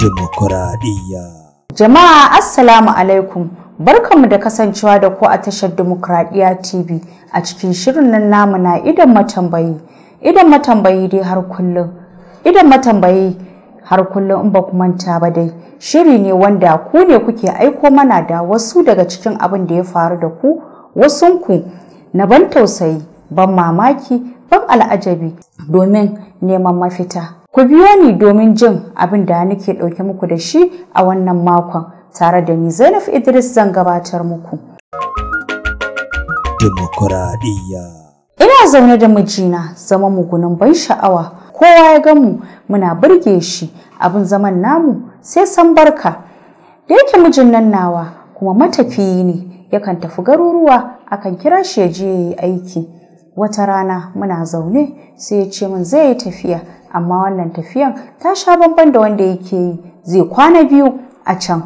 Dimokuraɗiyya. Jama'a Assalamu alaikum. Barkanmu da kasancewa da ku a tashar Dimokuraɗiyya TV a cikin shirin nan namu na idan matambayi. Idan matambayi dai har kullum. Idan matambayi har kullum in ba ku manta ba dai. Shiri ne wanda ku ne kuke aiko mana da wasu daga cikin abin da ya faru da ku wasunku na ban tausayi, ban mamaki, ban al'ajabi domin neman mafita. Ku biyo ni domin jin abin da nake ɗauke muku da shi a wannan makon tare da ni Zainab Idris zan gabatar muku. Dimokuraɗiyya. Ina zaune da mijina zama mugunan ban sha'awa kowa ya gamu muna burge shi abin zaman namu sai san barka. Da yake mijin nan nawa kuma matafiyi ne yakan tafi garuruwa akan kira shi ya je aiki. wata rana muna zaune sai ya ce min zai yi tafiya amma wannan tafiyan ta sha bamban da wanda yake yi zai kwana biyu a can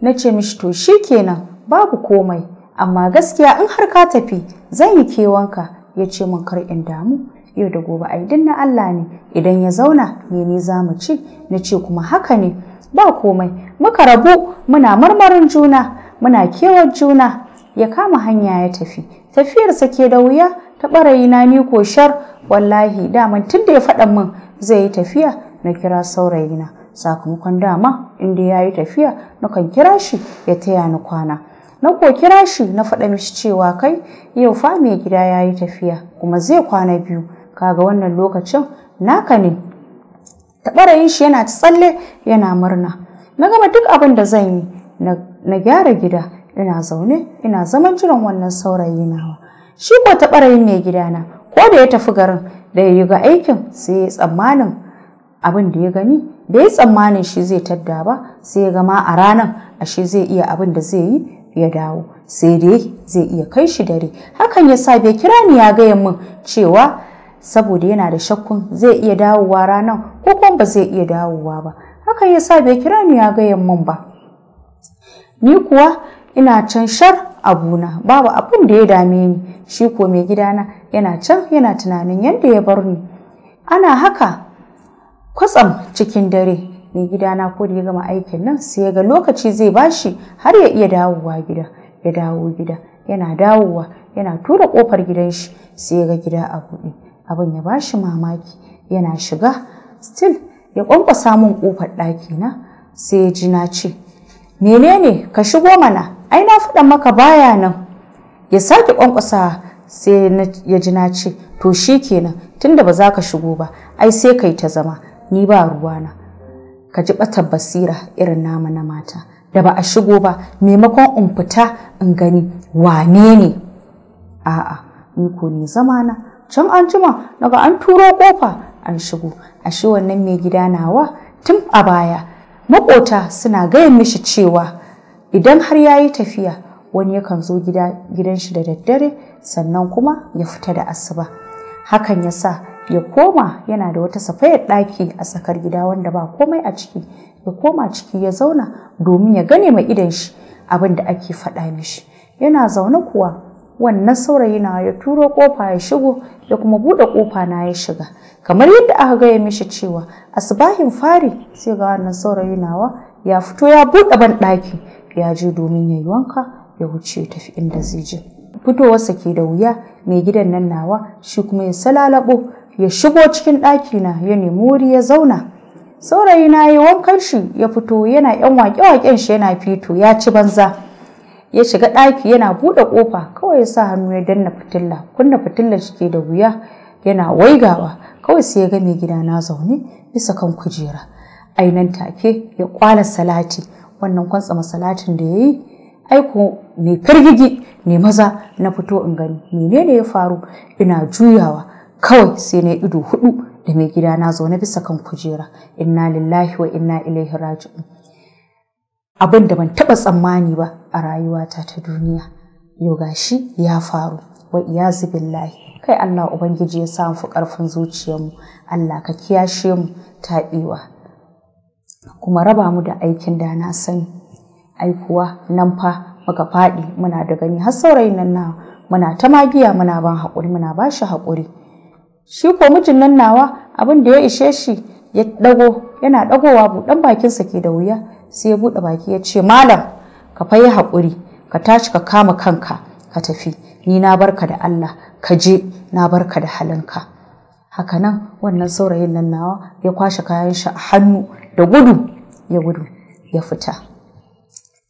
na ce mishi to shi kenan babu komai amma gaskiya in har ka tafi zan yi kewanka ya ce min kar in damu yau da gobe aidin na Allah ne idan ya zauna me ne za mu ci na ce kuma haka ne ba komai muka rabu muna marmarin juna muna kewar juna ya kama hanya ya tafi tafiyarsa ke da wuya ta ni ko shar wallahi daman tun da ya faɗa min zai yi tafiya na kira saurayina sakamakon dama inda ya yi tafiya na kan kira shi ya taya ni kwana na ko kira shi na faɗa mishi cewa kai yau fa mai gida ya yi tafiya kuma zai kwana biyu kaga wannan lokacin naka ne taɓarayin shi yana tsalle yana murna na gama duk abin da zan yi na gyara gida ina zaune ina zaman jiran wannan saurayi nawa shi ko ta ɓarayin mai gidana ko da ya tafi garin da ya yi ga aikin sai ya tsammanin abin da ya gani da ya tsammanin shi zai tadda ba sai ya gama a ranar ashe zai iya abin da zai yi ya dawo sai dai zai iya kai shi dare hakan ya sa bai kira ni ya gaya min cewa saboda yana da shakkun zai iya dawowa ranar ko kuma ba zai iya dawowa ba hakan ya sa bai kira ni ya gaya min ba ni kuwa ina can shar abuna babu abin da ya dame ni shi ko mai gidana yana can yana tunanin yadda ya bar ni ana haka kwatsam cikin dare mai gidana ko da ya gama aikin nan sai ya ga lokaci zai bashi har ya iya dawowa gida ya dawo gida yana dawowa yana tura kofar gidan shi sai ya ga gida a buɗe abin ya bashi mamaki yana shiga still ya kwankwasa min kofar ɗaki na sai ya ji na ce menene ka shigo mana ai na faɗa maka baya nan ya sake kwankwasa sai ya ji na ce to shi kenan tunda ba za ka shigo ba ai sai kai ta zama ni ba ruwa na. ka ji ɓatar basira irin nama na mata da ba a shigo ba maimakon in fita in gani wane ne a'a ni ko ni zama na can an jima daga an turo kofa an shigo ashe wannan mai gida nawa tun a baya maƙota suna gaya mishi cewa idan har ya yi tafiya wani yakan zo gidan shi da daddare sannan kuma ya fita da asuba hakan ya sa ya koma yana da wata safayar ɗaki a tsakar gida wanda ba komai a ciki ya koma ciki ya zauna domin ya gane mai idan shi abin da ake faɗa mishi yana zaune kuwa wannan saurayi na ya turo kofa ya shigo ya kuma buɗe kofa na ya shiga kamar yadda aka gaya mishi cewa asbahin fari sai ga wannan saurayi nawa ya fito ya buɗe ban ɗaki ya je domin ya yi wanka ya wuce tafi inda zai je fitowarsa ke da wuya mai gidan nan nawa shi kuma ya salalabo ya shigo cikin ɗakina ya nemi wuri ya zauna saurayi na yi wankan shi ya fito yana yan wake-waken shi yana fito ya ci banza ya shiga ɗaki yana buɗe ƙofa kawai ya sa hannu ya danna fitilla kunna fitillar shi ke da wuya yana waigawa kawai sai ya ga mai gida na zaune bisa kan kujera ainan take ya kwala salati wannan kwantsa salatin da ya yi aiko ne firgigi ne maza na fito in gani menene ya faru ina juyawa kawai sai na ido hudu da mai gida na zaune bisa kan kujera inna lillahi wa inna ilaihi raji'un abin da ban taba tsammani ba a rayuwata ta duniya yau ga shi ya faru wa iyazu billahi kai Allah ubangiji ya samu fi karfin zuciyarmu Allah ka kiyashe mu taɓewa kuma raba mu da aikin da na sani aikuwa nan fa muka faɗi muna da gani har saurayin nan na muna ta magiya muna ban hakuri muna ba shi haƙuri shi ko mijin nan nawa abin da ya ishe shi ya ɗago yana ɗagowa buɗan bakinsa ke da wuya sai ya buɗe baki ya ce malam ka fayi hakuri ka tashi ka kama kanka ka tafi ni na barka da Allah ka je na barka da halinka hakanan wannan saurayin nan nawa ya kwashe kayan shi a hannu da gudu ya gudu ya fita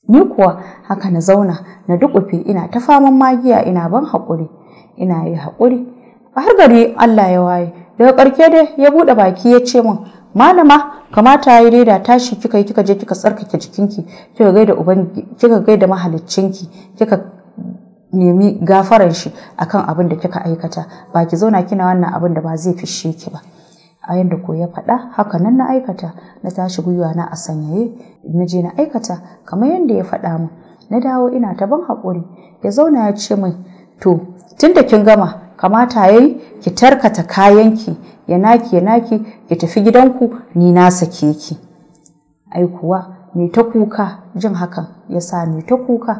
ni kuwa haka na zauna na dukufe ina ta faman magiya ina ban haƙuri ina yi haƙuri har gari Allah ya waye daga ƙarke dai ya buɗe baki ya ce min malama kamata ya yi reda tashi kika yi kika je kika tsarkake jikinki kika gaida ubangi kika gaida mahaliccinki kika nemi gafaran shi akan abin da kika aikata ba ki zauna kina wannan abin da ba zai fishe ki ba a yadda ko ya faɗa haka nan na aikata na tashi gwiwa na a sanyaye na je na aikata kamar yadda ya faɗa mu na dawo ina ta ban haƙuri ya zauna ya ce min to tun da kin gama kamata yayi ki tarkata kayanki ya naki ya naki ki tafi gidanku ni na sake ki Aikuwa! kuwa ni ta kuka jin hakan ya sa ni ta kuka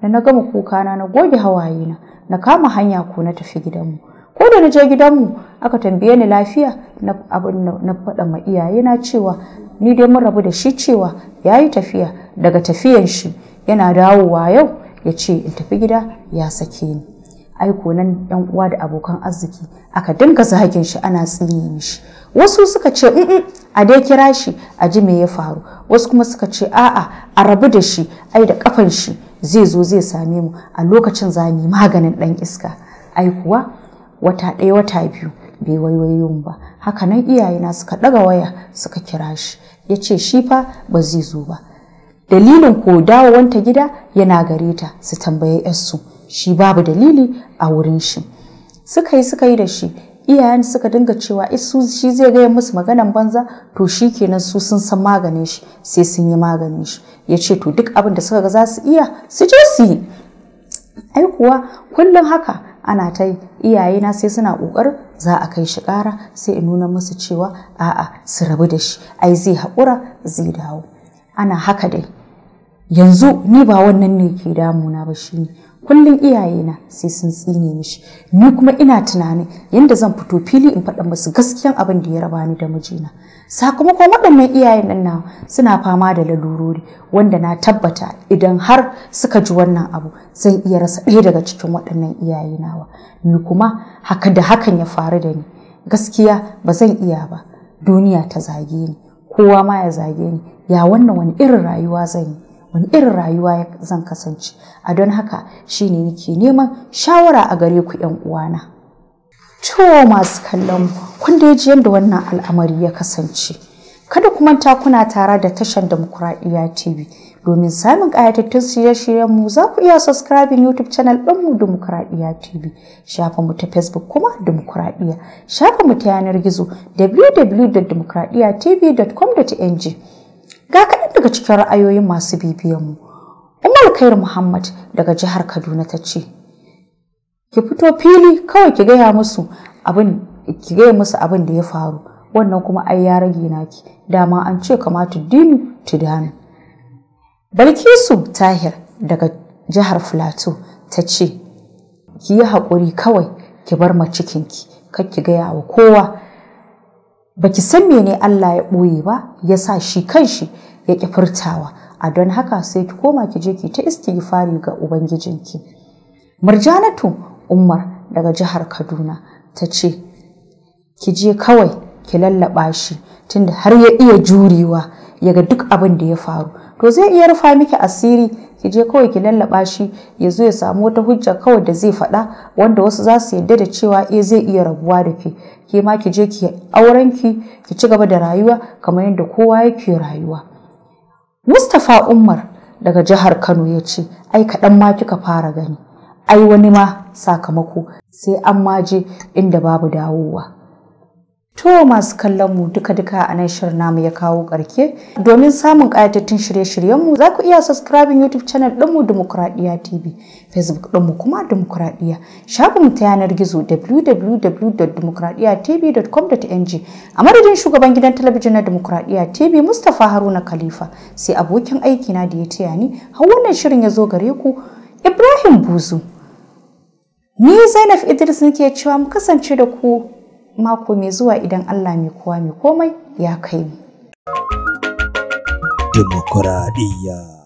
da na gama kuka na na goge hawaye na na kama hanya ko na tafi gidanmu ko da na je gidanmu aka tambaye ni lafiya na abin na faɗa ma iyaye na cewa ni dai mun rabu da shi cewa ya yi tafiya daga tafiyan shi yana dawowa yau ya ce in tafi gida ya sake ni aiko nan yan uwa da abokan arziki aka dinga zagin shi ana tsinye shi wasu suka ce in a dai kira shi a ji me ya faru wasu kuma suka ce a'a a rabu da shi ai da kafan shi zai zo zai same mu a lokacin zani maganin dan iska ai kuwa wata ɗaya wata biyu bai waiwayon ba haka nan iyaye na suka ɗaga waya suka kira shi ya ce shi fa ba zai zo ba dalilin ko dawowanta gida yana gare ta su tambaye yarsu shi babu dalili a wurin shi suka yi suka yi da shi iyayen suka dinga cewa isu eh, shi zai gaya musu maganan banza to shi kenan su sun san maganin shi sai sun yi maganin shi ya ce to duk abin da suka ga za su iya su je su yi ai kuwa kullum haka ana ta yi na sai suna ƙoƙar za a kai shi ƙara sai in nuna musu cewa a'a su rabu da shi ai zai haƙura zai dawo ana haka dai yanzu ni ba wannan ne ke damuna ba shi kullum iyayena sai sun tsine mishi ni kuma ina tunanin yadda zan fito fili in faɗa musu gaskiyan abin da ya raba ni da mijina sakamakon waɗannan iyayen nan nawa suna fama da lalurori wanda na tabbata idan har suka ji wannan abu zan iya rasa ɗaya daga cikin waɗannan iyaye nawa ni kuma haka da hakan ya faru da ni gaskiya ba zan iya ba duniya ta zage ni kowa ma ya zage ni ya wannan wani irin rayuwa zan yi wani irin rayuwa zan kasance a don haka shine nake neman shawara a gare ku yan uwana to masu kallon kun da ji yadda wannan al'amari ya kasance kada kuma manta kuna tare da tashar demokuraɗiyya tv domin samun ƙayatattun shirye-shiryen mu za ku iya subscribing youtube channel ɗin mu demokuraɗiyya tv shafa mu ta facebook kuma demokuraɗiyya shafa mu ta yanar gizo www.demokuraɗiyyatv.com.ng ga daga cikin ra'ayoyin masu bibiyanmu umar kair muhammad daga jihar kaduna ta ce ki fito fili kawai ki gaya musu abin ki gaya musu abin da ya faru wannan kuma ai ya rage naki dama an ce kamata dinu dana. balkisu tahir daga jihar filato ta ce ki yi haƙuri kawai ki bar ma cikinki kar ki gaya wa kowa baki san mene Allah ya ɓoye ba ya sa shi kanshi ya ƙi furtawa a don haka sai ki koma ki je ki ta istighfari ga ubangijinki murjanatu umar daga jihar kaduna ta ce ki je kawai ki lallaɓa shi tunda har ya iya jurewa ya ga duk abin da ya faru to zai iya rufa miki asiri ki je kawai ki lallaɓa shi ya zo ya samu wata hujja kawai da zai faɗa wanda wasu za su yarda da cewa eh zai iya rabuwa da ke ke ma ki je ki auren ki ki ci gaba da rayuwa kamar yadda kowa yake rayuwa Mustapha Umar daga jihar Kano ya ce, "Ai kaɗan ma kika fara gani, ai wani ma sakamako sai an maje inda babu dawowa." To masu kallon mu duka-duka a nan shirin namu ya kawo ƙarke. Domin samun ƙayatattun shirye-shiryenmu za ku iya subscribing YouTube channel ɗinmu Dimokuraɗiyya TV, Facebook ɗinmu kuma Dimokuraɗiyya, shafinmu ta yanar gizo www.dimokuraɗiyyatv.com.ng a madadin shugaban gidan talabijin na Dimokuraɗiyya TV Mustapha Haruna Khalifa sai abokin aiki na da ya taya ni har wannan shirin ya zo gare ku Ibrahim Buzu. Ni Zainab Idris nake cewa mu kasance da ku mako mai zuwa idan Allah mai kowa mai komai ya kai mu. Dimokuraɗiyya.